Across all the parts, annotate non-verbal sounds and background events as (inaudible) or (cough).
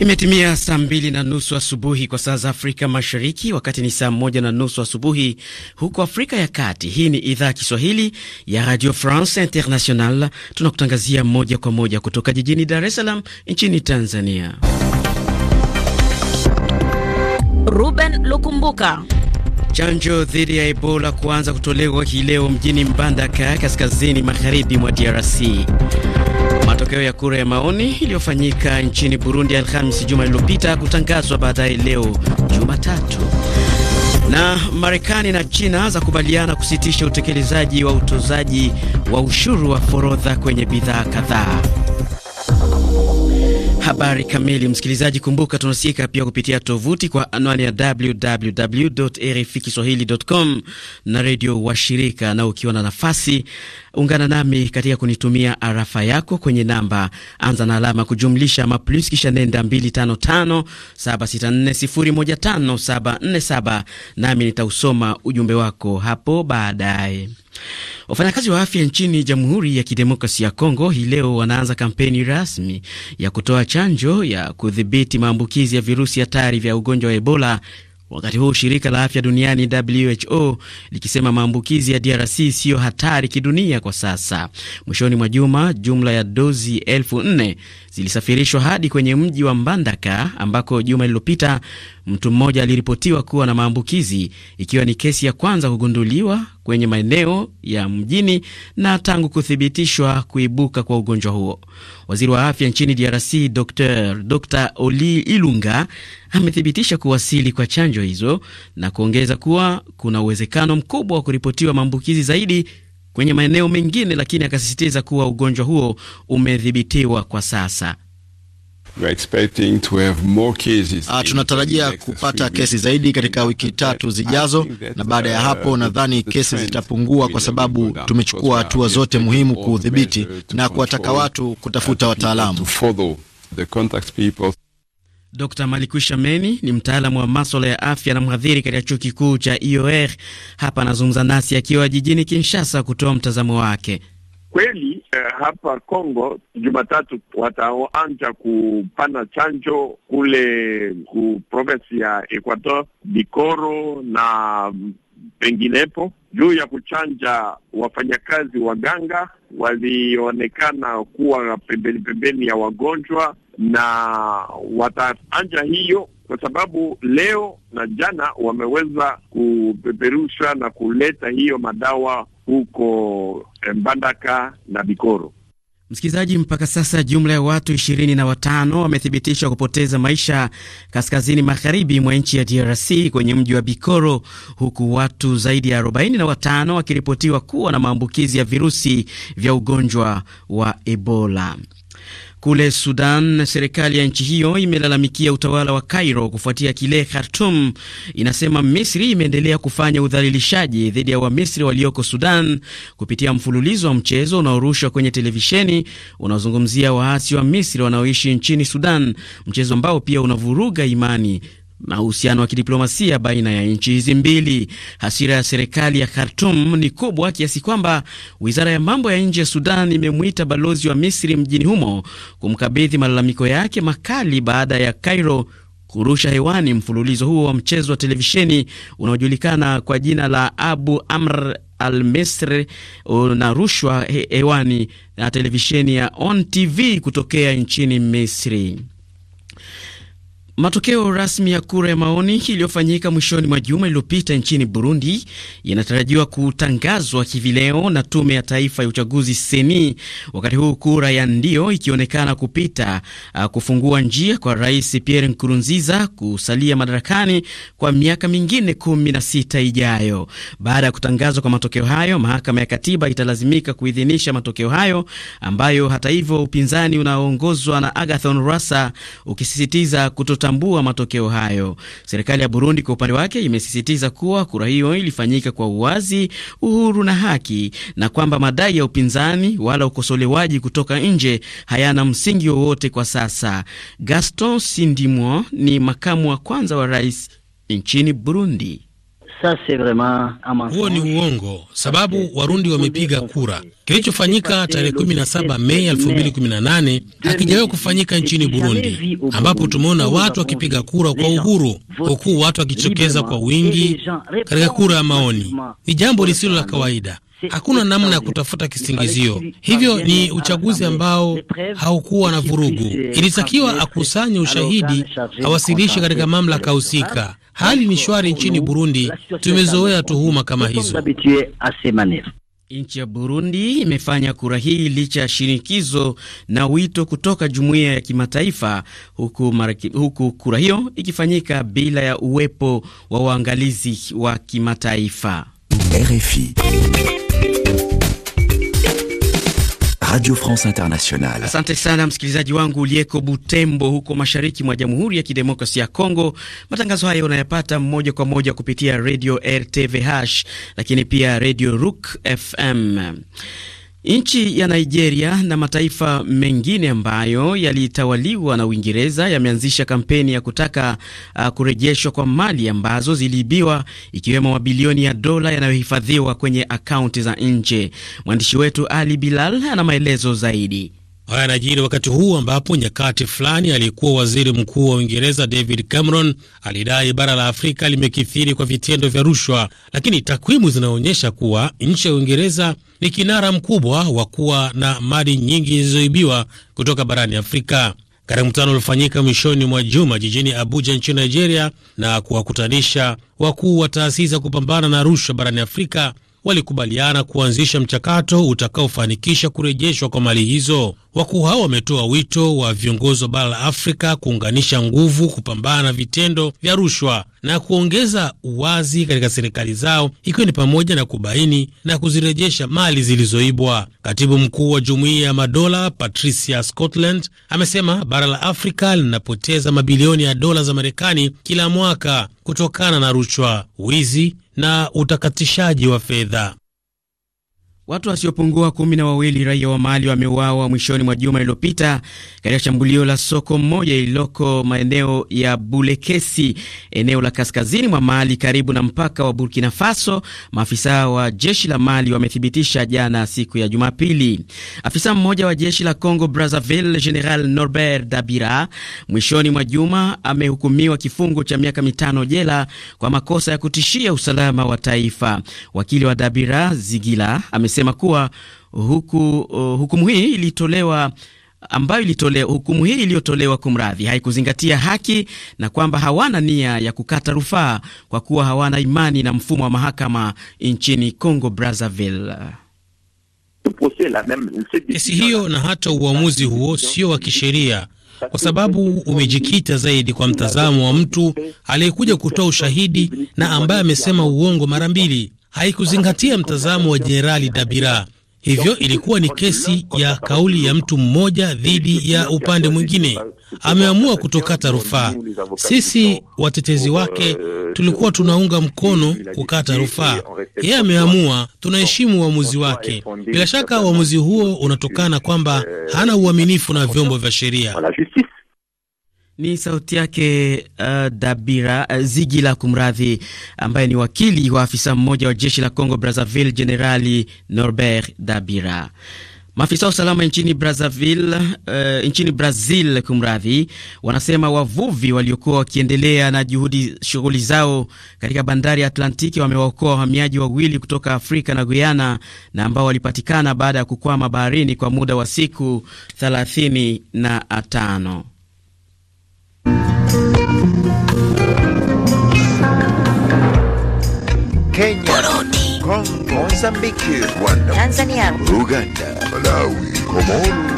Imetimia saa mbili na nusu asubuhi kwa saa za Afrika Mashariki, wakati ni saa moja na nusu asubuhi huko Afrika ya Kati. Hii ni idhaa ya Kiswahili ya Radio France International, tunakutangazia moja kwa moja kutoka jijini Dar es Salaam nchini Tanzania. Ruben Lukumbuka. Chanjo dhidi ya Ebola kuanza kutolewa hii leo mjini Mbandaka, kaskazini magharibi mwa DRC. Matokeo ya kura ya maoni iliyofanyika nchini Burundi Alhamisi juma lililopita kutangazwa baadaye leo Jumatatu. Na Marekani na China zakubaliana kusitisha utekelezaji wa utozaji wa ushuru wa forodha kwenye bidhaa kadhaa. Habari kamili, msikilizaji, kumbuka tunasikika pia kupitia tovuti kwa anwani ya www RFI kiswahilicom na redio wa shirika Na ukiwa na nafasi, ungana nami katika kunitumia arafa yako kwenye namba, anza na alama kujumlisha maplus, kisha nenda 255764015747 nami nitausoma ujumbe wako hapo baadaye. Wafanyakazi wa afya nchini Jamhuri ya kidemokrasi ya Kongo hii leo wanaanza kampeni rasmi ya kutoa chanjo ya kudhibiti maambukizi ya virusi hatari vya ugonjwa wa Ebola, wakati huu shirika la afya duniani WHO likisema maambukizi ya DRC siyo hatari kidunia kwa sasa. Mwishoni mwa juma, jumla ya dozi elfu nne zilisafirishwa hadi kwenye mji wa Mbandaka ambako juma lililopita Mtu mmoja aliripotiwa kuwa na maambukizi, ikiwa ni kesi ya kwanza kugunduliwa kwenye maeneo ya mjini na tangu kuthibitishwa kuibuka kwa ugonjwa huo. Waziri wa afya nchini DRC Dr. Dr. Oli Ilunga amethibitisha kuwasili kwa chanjo hizo na kuongeza kuwa kuna uwezekano mkubwa wa kuripotiwa maambukizi zaidi kwenye maeneo mengine, lakini akasisitiza kuwa ugonjwa huo umedhibitiwa kwa sasa. Ah, tunatarajia kupata kesi zaidi katika wiki tatu zijazo, na baada ya hapo nadhani kesi zitapungua kwa sababu tumechukua hatua zote muhimu kuudhibiti na kuwataka watu kutafuta wataalamu. Dr Malikusha Meni ni mtaalamu wa maswala ya afya na mhadhiri katika chuo kikuu cha IOR. Hapa anazungumza nasi akiwa jijini Kinshasa kutoa mtazamo wake. Kweli eh, hapa Kongo Jumatatu wataanja kupana chanjo kule ku ya Equator Bikoro na penginepo juu ya kuchanja wafanyakazi waganga walionekana kuwa pembeni pembeni ya wagonjwa, na wataanja hiyo kwa sababu leo na jana wameweza kupeperusha na kuleta hiyo madawa huko eh, Mbandaka na Bikoro. Msikilizaji, mpaka sasa jumla ya watu ishirini na watano wamethibitishwa kupoteza maisha kaskazini magharibi mwa nchi ya DRC kwenye mji wa Bikoro, huku watu zaidi ya arobaini na watano wakiripotiwa kuwa na maambukizi ya virusi vya ugonjwa wa Ebola. Kule Sudan, serikali ya nchi hiyo imelalamikia utawala wa Cairo kufuatia kile Khartum inasema Misri imeendelea kufanya udhalilishaji dhidi ya Wamisri walioko Sudan kupitia mfululizo wa mchezo unaorushwa kwenye televisheni unaozungumzia waasi wa Misri wanaoishi nchini Sudan, mchezo ambao pia unavuruga imani na uhusiano wa kidiplomasia baina ya nchi hizi mbili. Hasira ya serikali ya Khartum ni kubwa kiasi kwamba wizara ya mambo ya nje ya Sudan imemwita balozi wa Misri mjini humo kumkabidhi malalamiko yake makali baada ya Cairo kurusha hewani mfululizo huo wa mchezo wa televisheni unaojulikana kwa jina la Abu Amr al Misr unarushwa hewani na televisheni ya ONTV kutokea nchini Misri. Matokeo rasmi ya kura ya maoni iliyofanyika mwishoni mwa juma iliyopita nchini Burundi yanatarajiwa kutangazwa hivi leo na tume ya taifa ya uchaguzi seni, wakati huu kura ya ndio ikionekana kupita uh, kufungua njia kwa Rais Pierre Nkurunziza kusalia madarakani kwa miaka mingine kumi na sita ijayo. Baada ya kutangazwa kwa matokeo hayo, mahakama ya katiba italazimika kuidhinisha matokeo hayo ambayo hata hivyo upinzani unaoongozwa na Agathon Rasa ukisisitiza kutota kutambua matokeo hayo. Serikali ya Burundi kwa upande wake imesisitiza kuwa kura hiyo ilifanyika kwa uwazi, uhuru na haki, na kwamba madai ya upinzani wala ukosolewaji kutoka nje hayana msingi wowote kwa sasa. Gaston sindimo ni makamu wa kwanza wa rais nchini Burundi vraiment huo ni uongo, sababu Warundi wamepiga kura. Kilichofanyika tarehe 17 Mei 2018 hakijawahi kufanyika nchini Burundi, ambapo tumeona watu wakipiga kura kwa uhuru, huku watu wakichokeza kwa wingi katika kura ya maoni. Ni jambo lisilo la kawaida. Hakuna namna ya kutafuta kisingizio. Hivyo ni uchaguzi ambao haukuwa na vurugu. Ilitakiwa akusanye ushahidi, awasilishe katika mamlaka husika. Hali ni shwari nchini Burundi, tumezoea tuhuma kama hizo. Nchi ya Burundi imefanya kura hii licha ya shinikizo na wito kutoka jumuiya ya kimataifa, huku, huku kura hiyo ikifanyika bila ya uwepo wa waangalizi wa kimataifa. RFI Radio France Internationale. Asante sana msikilizaji wangu uliyeko Butembo huko mashariki mwa Jamhuri ya Kidemokrasia ya Kongo. Matangazo hayo unayapata moja kwa moja kupitia Radio RTVH, lakini pia Radio Rook FM. Nchi ya Nigeria na mataifa mengine ambayo yalitawaliwa na Uingereza yameanzisha kampeni ya kutaka uh, kurejeshwa kwa mali ambazo ziliibiwa ikiwemo mabilioni ya dola yanayohifadhiwa kwenye akaunti za nje. Mwandishi wetu Ali Bilal ana maelezo zaidi. Haya yanajiri wakati huu ambapo nyakati fulani aliyekuwa waziri mkuu wa Uingereza David Cameron alidai bara la Afrika limekithiri kwa vitendo vya rushwa, lakini takwimu zinaonyesha kuwa nchi ya Uingereza ni kinara mkubwa wa kuwa na mali nyingi zilizoibiwa kutoka barani Afrika. Katika mkutano uliofanyika mwishoni mwa juma jijini Abuja nchini Nigeria na kuwakutanisha wakuu wa taasisi za kupambana na rushwa barani Afrika, walikubaliana kuanzisha mchakato utakaofanikisha kurejeshwa kwa mali hizo. Wakuu hao wametoa wito wa viongozi wa bara la Afrika kuunganisha nguvu kupambana na vitendo vya rushwa na kuongeza uwazi katika serikali zao, ikiwa ni pamoja na kubaini na kuzirejesha mali zilizoibwa. Katibu mkuu wa Jumuiya ya Madola Patricia Scotland amesema bara la Afrika linapoteza mabilioni ya dola za Marekani kila mwaka kutokana na rushwa, wizi na utakatishaji wa fedha. Watu wasiopungua kumi na wawili raia wa Mali wameuawa mwishoni mwa juma lililopita katika shambulio la soko mmoja lililoko maeneo ya Bulekesi, eneo la kaskazini mwa Mali karibu na mpaka wa Burkina Faso, maafisa wa jeshi la Mali wamethibitisha jana siku ya Jumapili. Afisa mmoja wa jeshi la Congo Brazzaville, General Norbert Dabira, mwishoni mwa juma amehukumiwa kifungo cha miaka mitano jela kwa makosa ya kutishia usalama wa taifa. Wakili wa Dabira Zigila akisema kuwa huku, uh, hukumu hii ilitolewa ambayo ilitolewa hukumu hii iliyotolewa kumradhi, haikuzingatia haki na kwamba hawana nia ya kukata rufaa kwa kuwa hawana imani na mfumo wa mahakama nchini Congo Brazzaville. Kesi hiyo na hata uamuzi huo sio wa kisheria kwa sababu umejikita zaidi kwa mtazamo wa mtu aliyekuja kutoa ushahidi na ambaye amesema uongo mara mbili haikuzingatia mtazamo wa Jenerali Dabira. Hivyo ilikuwa ni kesi ya kauli ya mtu mmoja dhidi ya upande mwingine. Ameamua kutokata rufaa. Sisi watetezi wake tulikuwa tunaunga mkono kukata rufaa, yeye ameamua, tunaheshimu uamuzi wake. Bila shaka uamuzi huo unatokana kwamba hana uaminifu na vyombo vya sheria. Ni sauti yake uh, Dabira uh, Zigila, kumradhi, ambaye ni wakili wa afisa mmoja wa jeshi la Congo Brazzaville, Jenerali Norbert Dabira. Maafisa wa usalama nchini Brazzaville, uh, nchini Brazil kumradhi, wanasema wavuvi waliokuwa wakiendelea na juhudi shughuli zao katika bandari ya Atlantiki wamewaokoa wahamiaji wawili kutoka Afrika na Guyana na ambao walipatikana baada ya kukwama baharini kwa muda wa siku 35. Kenya, Burundi, Congo, Mozambique, Rwanda, Tanzania, Uganda, Malawi, Comoros.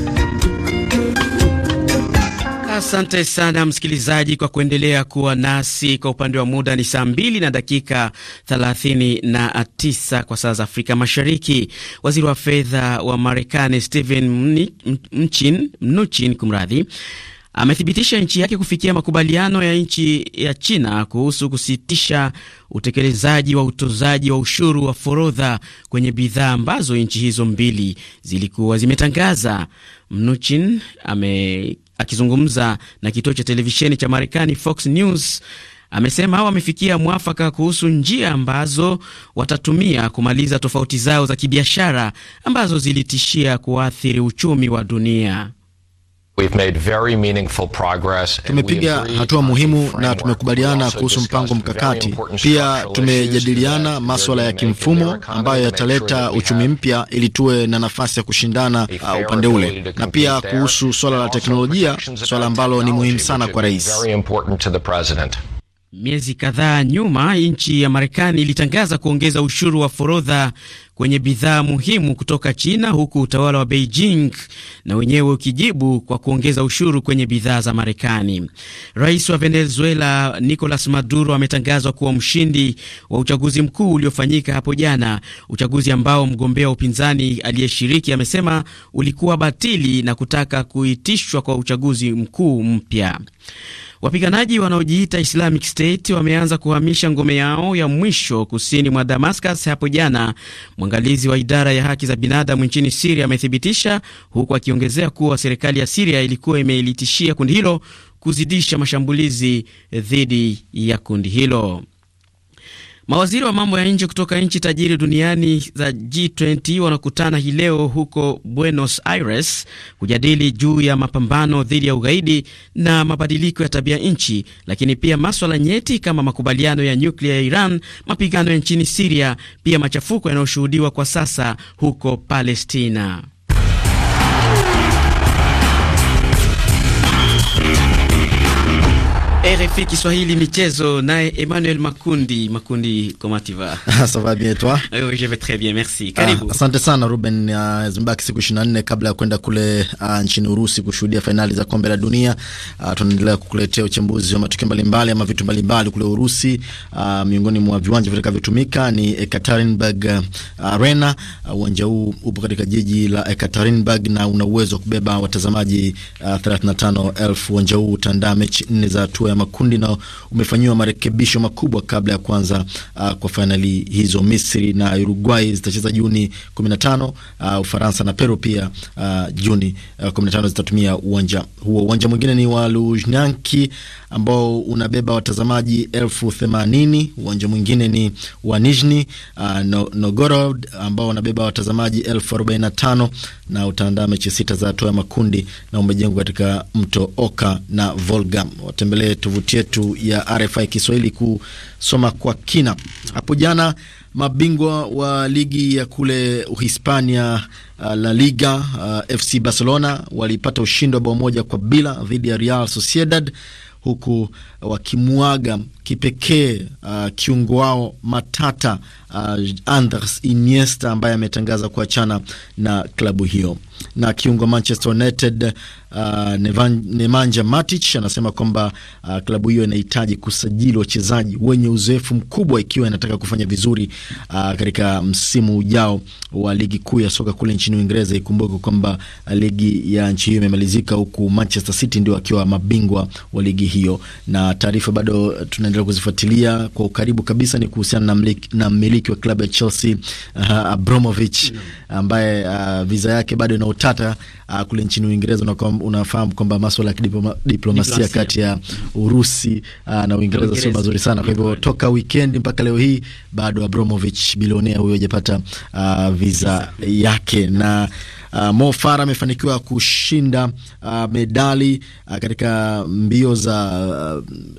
Asante sana msikilizaji kwa kuendelea kuwa nasi. Kwa upande wa muda ni saa mbili na dakika thelathini na tisa kwa saa za Afrika Mashariki. Waziri wa fedha wa Marekani Steven Mnuchin, Mnuchin kumradhi, amethibitisha nchi yake kufikia makubaliano ya nchi ya China kuhusu kusitisha utekelezaji wa utozaji wa ushuru wa forodha kwenye bidhaa ambazo nchi hizo mbili zilikuwa zimetangaza. Mnuchin ame Akizungumza na kituo cha televisheni cha Marekani Fox News, amesema wamefikia mwafaka kuhusu njia ambazo watatumia kumaliza tofauti zao za kibiashara ambazo zilitishia kuathiri uchumi wa dunia. Tumepiga hatua muhimu na tumekubaliana kuhusu mpango mkakati. Pia tumejadiliana maswala ya kimfumo ambayo yataleta uchumi mpya ili tuwe na nafasi ya kushindana uh, upande ule, na pia kuhusu swala la teknolojia, swala ambalo ni muhimu sana kwa rais. Miezi kadhaa nyuma, nchi ya Marekani ilitangaza kuongeza ushuru wa forodha kwenye bidhaa muhimu kutoka China, huku utawala wa Beijing na wenyewe ukijibu kwa kuongeza ushuru kwenye bidhaa za Marekani. Rais wa Venezuela Nicolas Maduro ametangazwa kuwa mshindi wa uchaguzi mkuu uliofanyika hapo jana, uchaguzi ambao mgombea wa upinzani aliyeshiriki amesema ulikuwa batili na kutaka kuitishwa kwa uchaguzi mkuu mpya. Wapiganaji wanaojiita Islamic State wameanza kuhamisha ngome yao ya mwisho kusini mwa Damascus hapo jana, mwangalizi wa idara ya haki za binadamu nchini Siria amethibitisha, huku akiongezea kuwa serikali ya Siria ilikuwa imeilitishia kundi hilo kuzidisha mashambulizi dhidi ya kundi hilo. Mawaziri wa mambo ya nje kutoka nchi tajiri duniani za G20 wanakutana hii leo huko Buenos Aires kujadili juu ya mapambano dhidi ya ugaidi na mabadiliko ya tabia nchi, lakini pia maswala nyeti kama makubaliano ya nyuklia ya Iran, mapigano ya nchini Siria, pia machafuko yanayoshuhudiwa kwa sasa huko Palestina. RFI Kiswahili michezo naye Emmanuel Makundi Makundi comment tu vas (laughs) Ça va bien toi Oui je vais très bien merci Karibu ah, Asante sana Ruben uh, zimebaki siku 24 kabla ya kwenda kule uh, nchini Urusi kushuhudia fainali za kombe la dunia uh, tunaendelea kukuletea uchambuzi wa matukio mbalimbali ama vitu mbalimbali kule Urusi uh, miongoni mwa viwanja vitakavyotumika ni Ekaterinburg Arena. uh, uwanja huu upo katika jiji la Ekaterinburg na una uwezo wa kubeba watazamaji uh, 35,000 uwanja huu utaandaa mechi nne za hatua ya makundi na umefanyiwa marekebisho makubwa kabla ya kuanza uh, kwa fainali hizo. Misri na Uruguay zitacheza Juni 15, uh, Ufaransa na Peru pia uh, Juni uh, 15 zitatumia uwanja huo. Uwanja mwingine ni wa Luzhniki ambao unabeba watazamaji elfu themanini. Uwanja mwingine ni wa Nizhny uh, Novgorod ambao unabeba watazamaji elfu arobaini na tano na utaandaa mechi sita za hatua ya makundi na umejengwa katika mto Oka na Volga. Watembelee tovuti tovuti yetu ya RFI Kiswahili kusoma kwa kina. Hapo jana mabingwa wa ligi ya kule Uhispania uh, La Liga uh, FC Barcelona walipata ushindi wa bao moja kwa bila dhidi ya Real Sociedad huku wakimwaga kipekee uh, kiungo wao Matata uh, Anders Iniesta ambaye ametangaza kuachana na klabu hiyo. Na kiungo Manchester United uh, Nemanja Matic anasema kwamba uh, klabu hiyo inahitaji kusajili wachezaji wenye uzoefu mkubwa ikiwa inataka kufanya vizuri uh, katika msimu ujao wa ligi kuu ya soka kule nchini Uingereza. Ikumbuke kwamba uh, ligi ya nchi hiyo imemalizika, huku Manchester City ndio akiwa mabingwa wa ligi hiyo, na taarifa bado tunaendelea kuzifuatilia kwa ukaribu kabisa ni kuhusiana na mmiliki mmiliki wa klabu ya Chelsea uh, Abramovich mm. ambaye uh, ah, viza yake bado ina utata uh, kule nchini Uingereza. Unafahamu kwamba masuala ya diplomasia, diplomasia kati ya Urusi uh, na Uingereza sio mazuri sana. Kwa hivyo toka weekend mpaka leo hii bado Abramovich bilionea huyo hajapata uh, viza yake na Uh, Mo Farah amefanikiwa kushinda uh, medali uh, katika mbio za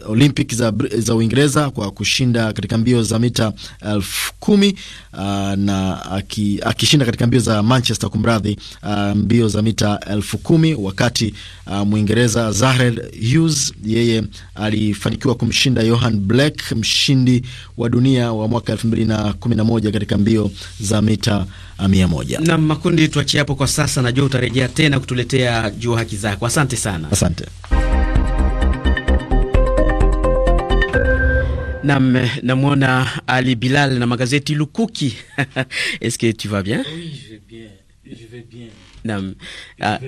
uh, Olympic za, za Uingereza kwa kushinda katika mbio za mita elfu kumi uh, na aki, akishinda katika mbio za Manchester kumradhi, uh, mbio za mita elfu kumi wakati uh, Mwingereza Zahred Hughes yeye alifanikiwa kumshinda Johan Black mshindi wa dunia wa mwaka elfu mbili na kumi na moja katika mbio za mita mia moja na makundi tuachie hapo kwa sasa. Najua utarejea tena kutuletea jua haki zako. Asante sana, asante. Nam, namwona Ali Bilal na magazeti lukuki. (laughs) Est-ce que tu vas bien? Oui, je vais bien. Je vais bien. Nam, uh,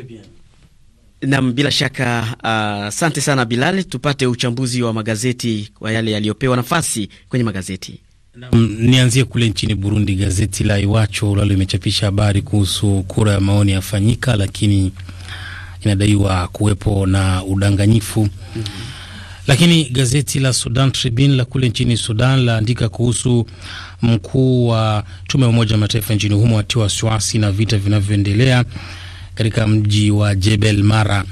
Nam, bila shaka ah, asante uh, sana Bilal, tupate uchambuzi wa magazeti kwa yale yaliyopewa nafasi kwenye magazeti. Nianzie kule nchini Burundi, gazeti la Iwacho lalo limechapisha habari kuhusu kura ya maoni yafanyika, lakini inadaiwa kuwepo na udanganyifu mm -hmm. Lakini gazeti la Sudan Tribune la kule nchini Sudan laandika kuhusu mkuu wa tume ya Umoja wa Mataifa nchini humo atiwa wasiwasi na vita vinavyoendelea katika mji wa Jebel Mara.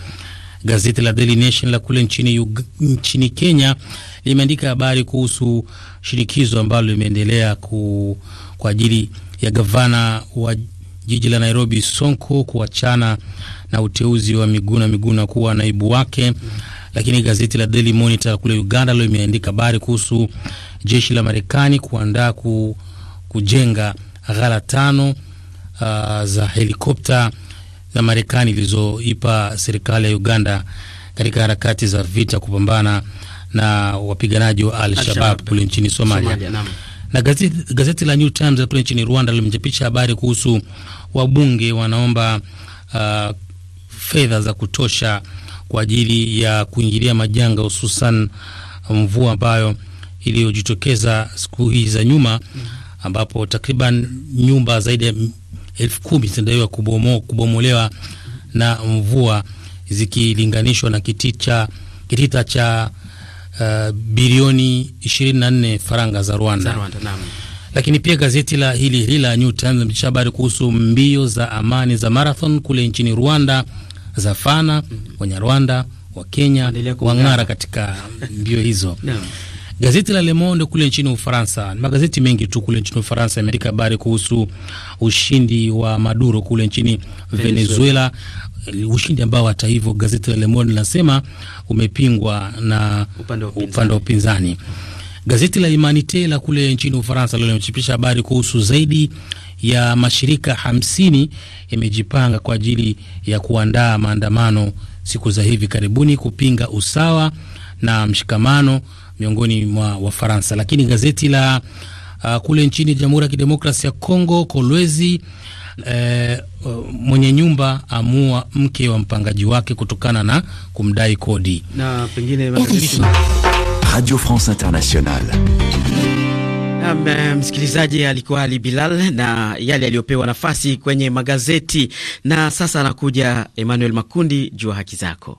Gazeti la Daily Nation la kule nchini, yug, nchini Kenya limeandika habari kuhusu shinikizo ambalo limeendelea ku... kwa ajili ya gavana wa jiji la Nairobi Sonko kuachana na uteuzi wa Miguna Miguna kuwa naibu wake. Lakini gazeti la Daily Monitor kule Uganda leo imeandika habari kuhusu jeshi la Marekani kuandaa ku, kujenga ghala tano uh, za helikopta za Marekani zilizoipa serikali ya Uganda katika harakati za vita kupambana na wapiganaji wa Al-Shabab kule nchini Somalia, Somalia na gazeti, gazeti la New Times kule nchini Rwanda limechapisha habari kuhusu wabunge wanaomba uh, fedha za kutosha kwa ajili ya kuingilia majanga hususan mvua ambayo iliyojitokeza siku hizi za nyuma mm. ambapo takriban nyumba zaidi ya elfu kumi zinadaiwa kubomo, kubomolewa na mvua zikilinganishwa na kitita, kitita cha uh, bilioni 24 faranga za Rwanda, za Rwanda lakini pia gazeti la hili hili la New Times limechapisha habari kuhusu mbio za amani za marathon kule nchini Rwanda za fana Wanyarwanda wa Kenya wang'ara katika mbio hizo (laughs) Gazeti la Le Monde kule nchini Ufaransa, magazeti mengi tu kule nchini Ufaransa yameandika habari kuhusu ushindi wa Maduro kule nchini Venezuela, Venezuela, ushindi ambao hata hivyo gazeti la Le Monde linasema umepingwa na upande wa upinzani. Gazeti la Humanite la kule nchini Ufaransa leo limechapisha habari kuhusu zaidi ya mashirika hamsini yamejipanga kwa ajili ya kuandaa maandamano siku za hivi karibuni kupinga usawa na mshikamano miongoni mwa Wafaransa. Lakini gazeti la uh, kule nchini Jamhuri ya Kidemokrasia ya Kongo, Kolwezi uh, uh mwenye nyumba amua mke wa mpangaji wake kutokana na kumdai kodi na pengine Radio France Internationale. Eh, msikilizaji alikuwa Ali Bilal na yale aliyopewa nafasi kwenye magazeti. Na sasa anakuja Emmanuel Makundi, jua haki zako.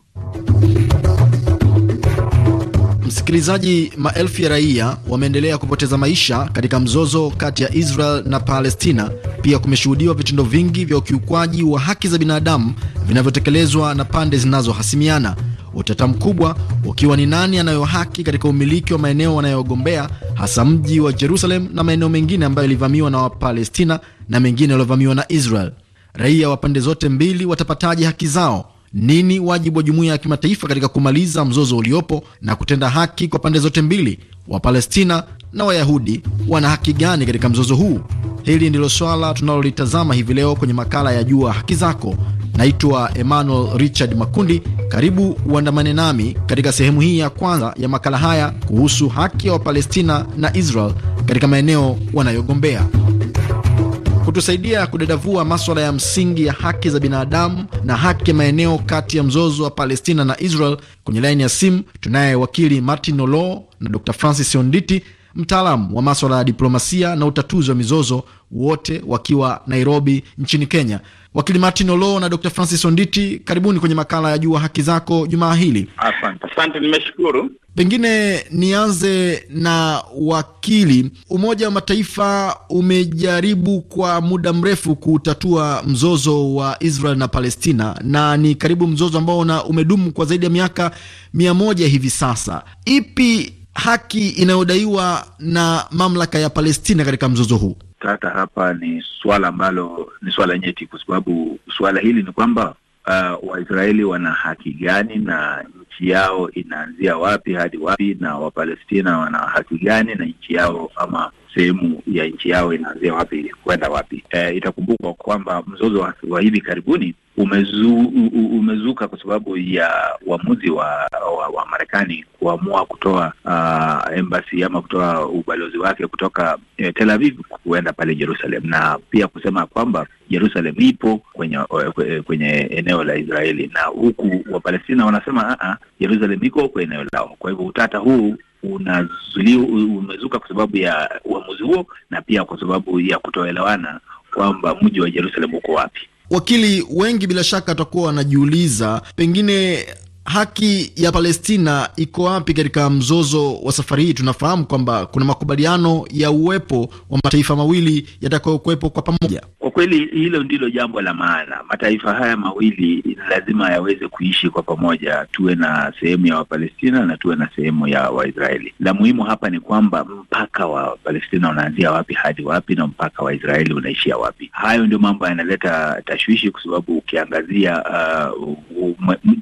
Msikilizaji, maelfu ya raia wameendelea kupoteza maisha katika mzozo kati ya Israel na Palestina. Pia kumeshuhudiwa vitendo vingi vya ukiukwaji wa haki za binadamu vinavyotekelezwa na pande zinazohasimiana, utata mkubwa ukiwa ni nani anayo haki katika umiliki wa maeneo wanayogombea, hasa mji wa Jerusalem na maeneo mengine ambayo yalivamiwa na Wapalestina na mengine yaliyovamiwa na Israel. Raia wa pande zote mbili watapataje haki zao? Nini wajibu wa jumuiya ya kimataifa katika kumaliza mzozo uliopo na kutenda haki kwa pande zote mbili? Wapalestina na Wayahudi wana haki gani katika mzozo huu? Hili ndilo swala tunalolitazama hivi leo kwenye makala ya Jua Haki Zako. Naitwa Emmanuel Richard Makundi. Karibu uandamane nami katika sehemu hii ya kwanza ya makala haya kuhusu haki ya Wapalestina na Israel katika maeneo wanayogombea kutusaidia kudadavua maswala ya msingi ya haki za binadamu na haki ya maeneo kati ya mzozo wa Palestina na Israel. Kwenye laini ya simu tunaye wakili Martin Olo na Dr Francis Onditi, mtaalamu wa maswala ya diplomasia na utatuzi wa mizozo, wote wakiwa Nairobi nchini Kenya. Wakili Martin Olo na Dr Francis Onditi, karibuni kwenye makala ya Jua Haki Zako jumaa hili. Asante, asante, nimeshukuru. Pengine nianze na wakili. Umoja wa Mataifa umejaribu kwa muda mrefu kutatua mzozo wa Israel na Palestina, na ni karibu mzozo ambao umedumu kwa zaidi ya miaka mia moja hivi sasa. Ipi haki inayodaiwa na mamlaka ya Palestina katika mzozo huu? utata hapa ni swala ambalo ni swala nyeti, kwa sababu swala hili ni kwamba uh, Waisraeli wana haki gani na nchi yao inaanzia wapi hadi wapi, na Wapalestina wana haki gani na nchi yao ama sehemu ya nchi yao inaanzia wapi kwenda wapi? E, itakumbukwa kwamba mzozo wa hivi karibuni umezu, umezuka kwa sababu ya uamuzi wa, wa, wa Marekani kuamua kutoa uh, embassy ama kutoa ubalozi wake kutoka eh, Tel Aviv kuenda pale Jerusalem, na pia kusema kwamba Jerusalem ipo kwenye eh, eh, kwenye eneo la Israeli, na huku Wapalestina wanasema a, ah, ah, Jerusalem iko kwa eneo lao. Kwa hivyo utata huu unazuliwa umezuka kwa sababu ya uamuzi huo na pia kwa sababu ya kutoelewana kwamba mji wa Jerusalem uko wapi. Wakili wengi bila shaka watakuwa wanajiuliza pengine haki ya Palestina iko wapi katika mzozo wa safari hii? Tunafahamu kwamba kuna makubaliano ya uwepo wa mataifa mawili yatakayokuwepo kwa pamoja. Kwa kweli, hilo ndilo jambo la maana. Mataifa haya mawili lazima yaweze kuishi kwa pamoja, tuwe na sehemu ya Wapalestina na tuwe na sehemu ya Waisraeli. La muhimu hapa ni kwamba mpaka wa Palestina unaanzia wapi hadi wapi na mpaka wa Israeli unaishia wapi? Hayo ndio mambo yanaleta tashwishi, kwa sababu ukiangazia uh,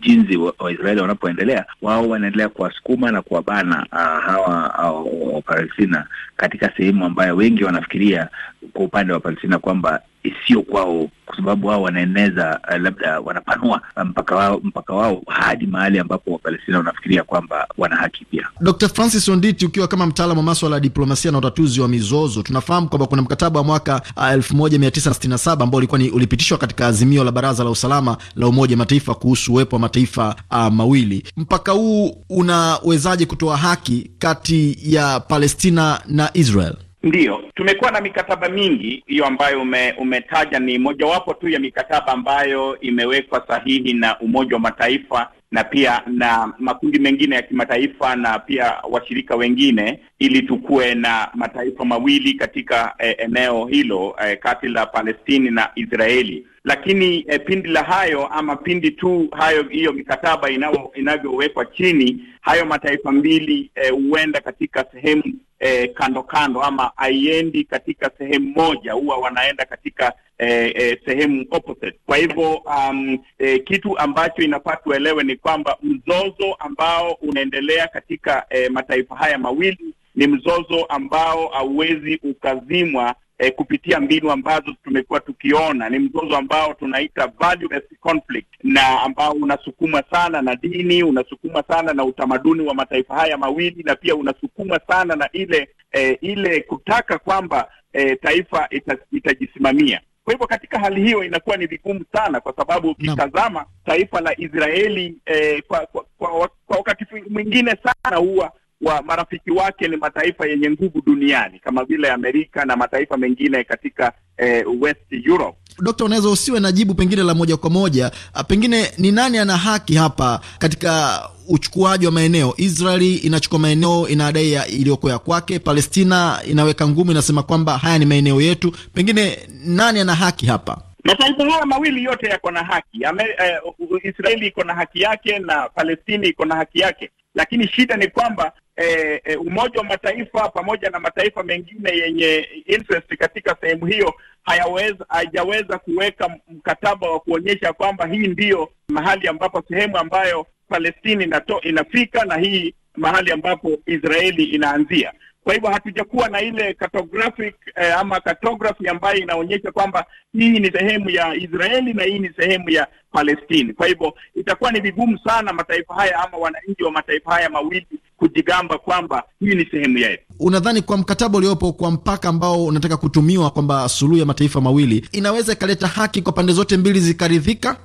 jinsi wa Waisraeli wanapoendelea, wao wanaendelea kuwasukuma na kuwabana ah, hawa ah, Wapalestina katika sehemu ambayo wengi wanafikiria kwa upande wa Palestina kwamba isiyo eh, kwao, kwa sababu wao wanaeneza uh, labda wanapanua eh, mpaka wao, mpaka wao hadi mahali ambapo Wapalestina wanafikiria kwamba wana haki pia. Dr. Francis Onditi, ukiwa kama mtaalamu wa maswala ya diplomasia na utatuzi wa mizozo, tunafahamu kwamba kuna mkataba wa mwaka elfu moja mia tisa sitini na saba ambao ulikuwa ni ulipitishwa katika azimio la Baraza la Usalama la Umoja Mataifa kuhusu uwepo wa mataifa uh, mawili. Mpaka huu unawezaje kutoa haki kati ya Palestina na Israel? Ndiyo, tumekuwa na mikataba mingi hiyo ambayo ume, umetaja ni mojawapo tu ya mikataba ambayo imewekwa sahihi na Umoja wa Mataifa na pia na makundi mengine ya kimataifa na pia washirika wengine, ili tukuwe na mataifa mawili katika eh, eneo hilo eh, kati la Palestini na Israeli lakini eh, pindi la hayo ama pindi tu hayo hiyo mikataba inavyowekwa chini, hayo mataifa mbili eh, huenda eh, katika sehemu eh, kando kando, ama haiendi katika sehemu moja, huwa wanaenda katika eh, eh, sehemu opposite. Kwa hivyo um, eh, kitu ambacho inafaa tuelewe ni kwamba mzozo ambao unaendelea katika eh, mataifa haya mawili ni mzozo ambao hauwezi ukazimwa eh, kupitia mbinu ambazo tumekuwa tukiona ni mzozo ambao tunaita value based conflict, na ambao unasukuma sana na dini, unasukuma sana na utamaduni wa mataifa haya mawili, na pia unasukuma sana na ile eh, ile kutaka kwamba eh, taifa ita, itajisimamia kwa hivyo katika hali hiyo inakuwa ni vigumu sana, kwa sababu ukitazama taifa la Israeli eh, kwa, kwa, kwa, kwa wakati mwingine sana huwa wa marafiki wake ni mataifa yenye nguvu duniani kama vile Amerika na mataifa mengine katika eh, West Europe. Dokta, unaweza usiwe na jibu pengine la moja kwa moja, ah, pengine ni nani ana haki hapa katika uchukuaji wa maeneo? Israeli inachukua maeneo, inadai iliyoko ya kwake. Palestina inaweka ngumu, inasema kwamba haya ni maeneo yetu. Pengine nani ana haki hapa? Mataifa haya mawili yote yako na haki. Eh, Israeli iko na haki yake na Palestini iko na haki yake, lakini shida ni kwamba e, e, Umoja wa Mataifa pamoja na mataifa mengine yenye interest katika sehemu hiyo hayaweza hajaweza kuweka mkataba wa kuonyesha kwamba hii ndiyo mahali ambapo sehemu ambayo Palestini inato, inafika na hii mahali ambapo Israeli inaanzia. Kwa hivyo hatujakuwa na ile cartographic eh, ama cartography ambayo inaonyesha kwamba hii ni sehemu ya Israeli na hii ni sehemu ya Palestini. Kwa hivyo itakuwa ni vigumu sana mataifa haya ama wananchi wa mataifa haya mawili kujigamba kwamba hii ni sehemu yetu. Unadhani kwa mkataba uliopo kwa mpaka ambao unataka kutumiwa kwamba suluhu ya mataifa mawili inaweza ikaleta haki kwa pande zote mbili zikaridhika?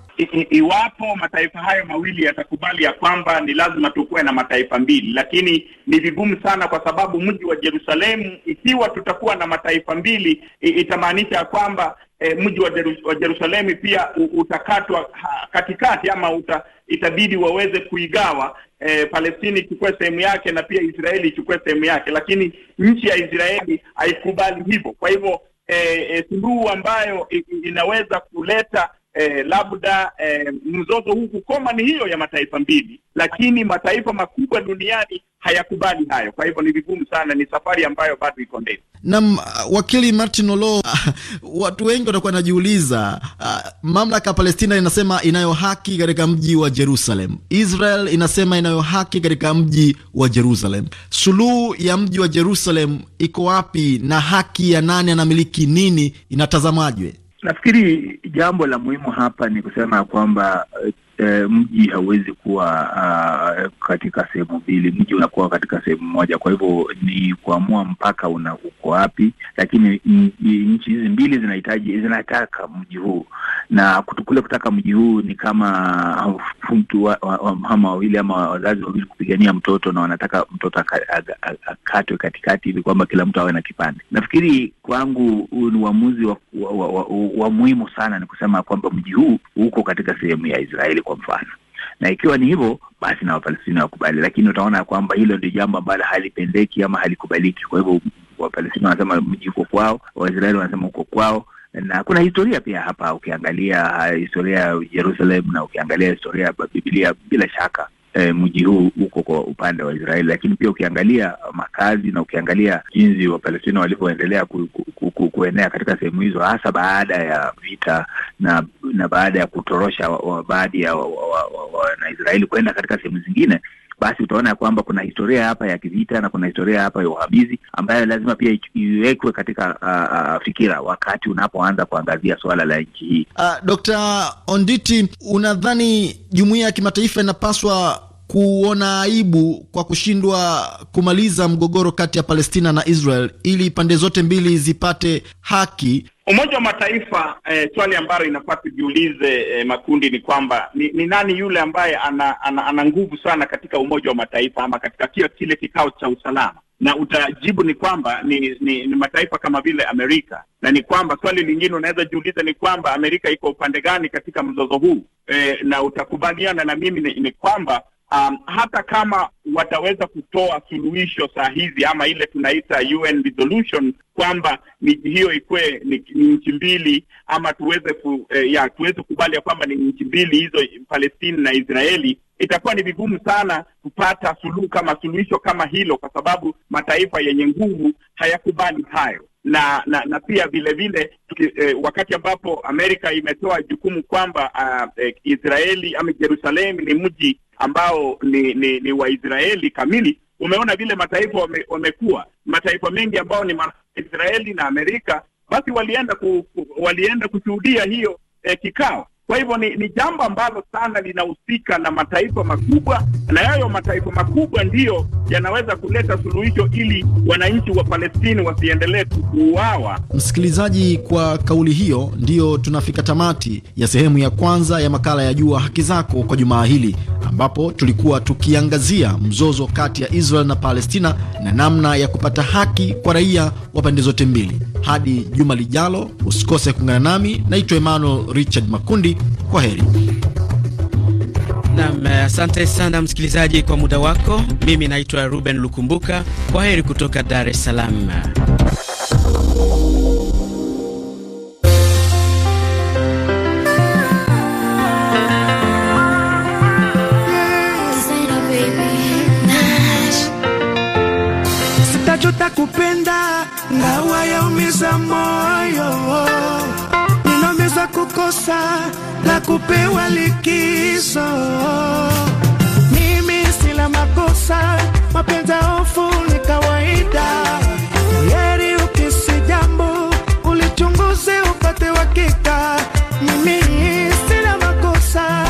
Iwapo mataifa hayo mawili yatakubali ya kwamba ni lazima tukuwe na mataifa mbili, lakini ni vigumu sana, kwa sababu mji wa Yerusalemu, ikiwa tutakuwa na mataifa mbili, itamaanisha kwamba e, mji wa, Jeru, wa Jerusalemi pia utakatwa katikati ama uta, itabidi waweze kuigawa e, Palestini ichukue sehemu yake na pia Israeli ichukue sehemu yake, lakini nchi ya Israeli haikubali hivyo. Kwa hivyo e, e, suluhu ambayo inaweza kuleta eh, labda eh, mzozo huu kukoma ni hiyo ya mataifa mbili, lakini mataifa makubwa duniani hayakubali hayo. Kwa hivyo ni vigumu sana, ni safari ambayo bado iko ndefu. Naam, uh, wakili Martin Olo, uh, watu wengi watakuwa wanajiuliza, uh, mamlaka ya Palestina inasema inayo haki katika mji wa Jerusalem, Israel inasema inayo haki katika mji wa Jerusalem. Suluhu ya mji wa Jerusalem iko wapi, na haki ya nani anamiliki nini inatazamajwe? Nafikiri jambo la muhimu hapa ni kusema kwamba eh, eh, mji hauwezi kuwa uh, katika sehemu mbili, mji unakuwa katika sehemu moja. Kwa hivyo ni kuamua mpaka una uko wapi, lakini nchi hizi mbili zinahitaji zinataka mji huu, na kule kutaka mji huu ni kama mtu wa, wa, wa, mama wawili ama wazazi wawili kupigania mtoto, na wanataka mtoto akatwe katikati ili kwamba kila mtu awe na kipande. Nafikiri kwangu huu ni uamuzi wa, wa, wa, wa, wa muhimu sana, ni kusema kwamba mji huu uko katika sehemu ya Israeli kwa mfano, na ikiwa ni hivyo basi na Wapalestina wakubali, lakini utaona kwamba hilo ndio jambo ambalo halipendeki ama halikubaliki. Kwa hivyo Wapalestina wanasema mji uko kwao, Waisraeli wanasema uko kwao na kuna historia pia hapa. Ukiangalia uh, historia ya Jerusalem na ukiangalia historia ya Biblia, bila shaka eh, mji huu uko kwa upande wa Israeli, lakini pia ukiangalia makazi na ukiangalia jinsi Wapalestina walivyoendelea ku, ku, ku, ku, kuenea katika sehemu hizo, hasa baada ya vita na na baada ya kutorosha baadhi ya Wanaisraeli wa, wa, wa, wa, kwenda katika sehemu zingine basi utaona ya kwamba kuna historia hapa ya kivita na kuna historia hapa ya uhamizi ambayo lazima pia iwekwe katika uh, uh, fikira wakati unapoanza kuangazia suala la nchi hii. Uh, ah, Dr. Onditi, unadhani jumuiya ya kimataifa inapaswa kuona aibu kwa kushindwa kumaliza mgogoro kati ya Palestina na Israel ili pande zote mbili zipate haki. Umoja wa Mataifa, eh, swali ambalo inafaa tujiulize, eh, makundi ni kwamba ni, ni nani yule ambaye ana, ana, ana nguvu sana katika Umoja wa Mataifa ama katika kio kile kikao cha usalama na utajibu ni kwamba ni, ni, ni mataifa kama vile Amerika, na ni kwamba swali lingine unaweza jiuliza ni kwamba Amerika iko upande gani katika mzozo huu e, na utakubaliana na mimi ni, ni kwamba um, hata kama wataweza kutoa suluhisho saa hizi ama ile tunaita UN resolution kwamba miji hiyo ikuwe ni, ni nchi mbili ama tuweze ku, eh, ya tuweze kukubali ya kwamba ni nchi mbili hizo Palestini na Israeli, itakuwa ni vigumu sana kupata suluhu kama suluhisho kama hilo, kwa sababu mataifa yenye nguvu hayakubali hayo na na na pia vile vile eh, wakati ambapo Amerika imetoa jukumu kwamba uh, eh, Israeli ama Jerusalem ni mji ambao ni ni, ni Waisraeli kamili. Umeona vile mataifa wame, wamekuwa mataifa mengi ambao ni Israeli na Amerika, basi walienda ku, ku, walienda kushuhudia hiyo eh, kikao kwa hivyo ni, ni jambo ambalo sana linahusika na mataifa makubwa, na yayo mataifa makubwa ndiyo yanaweza kuleta suluhisho ili wananchi wa Palestini wasiendelee kuuawa. Msikilizaji, kwa kauli hiyo ndiyo tunafika tamati ya sehemu ya kwanza ya makala ya Jua Haki Zako kwa jumaa hili, ambapo tulikuwa tukiangazia mzozo kati ya Israel na Palestina na namna ya kupata haki kwa raia wa pande zote mbili. Hadi juma lijalo, usikose kuungana nami. Naitwa Emmanuel Richard Makundi, kwa heri. Nam, eh, asante sana msikilizaji kwa muda wako. Mimi naitwa Ruben Lukumbuka, kwa heri kutoka Dar es Salaam. kupenda Ndawa yaumiza moyo, ninaumiza kukosa na kupewa likizo. Mimi sila makosa, mapenzi hofu ni kawaida. Heri ukisi jambo ulichunguze upate uhakika. Mimi sila makosa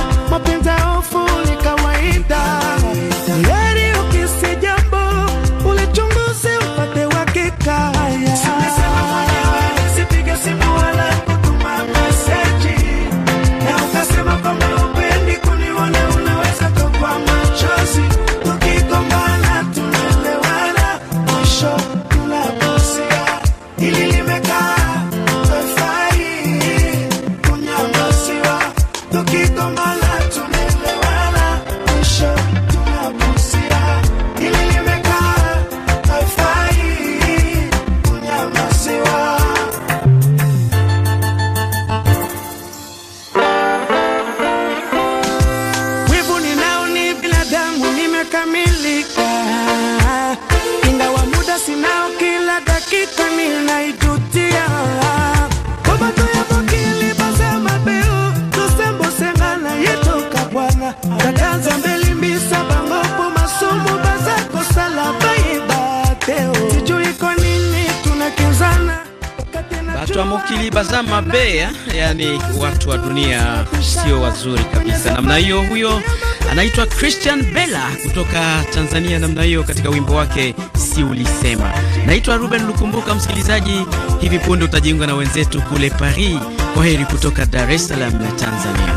namna hiyo. Huyo anaitwa Christian Bella kutoka Tanzania, namna hiyo katika wimbo wake si ulisema. Naitwa Ruben Lukumbuka, msikilizaji, hivi punde utajiunga na wenzetu kule Paris. Kwa heri kutoka Dar es Salaam na Tanzania.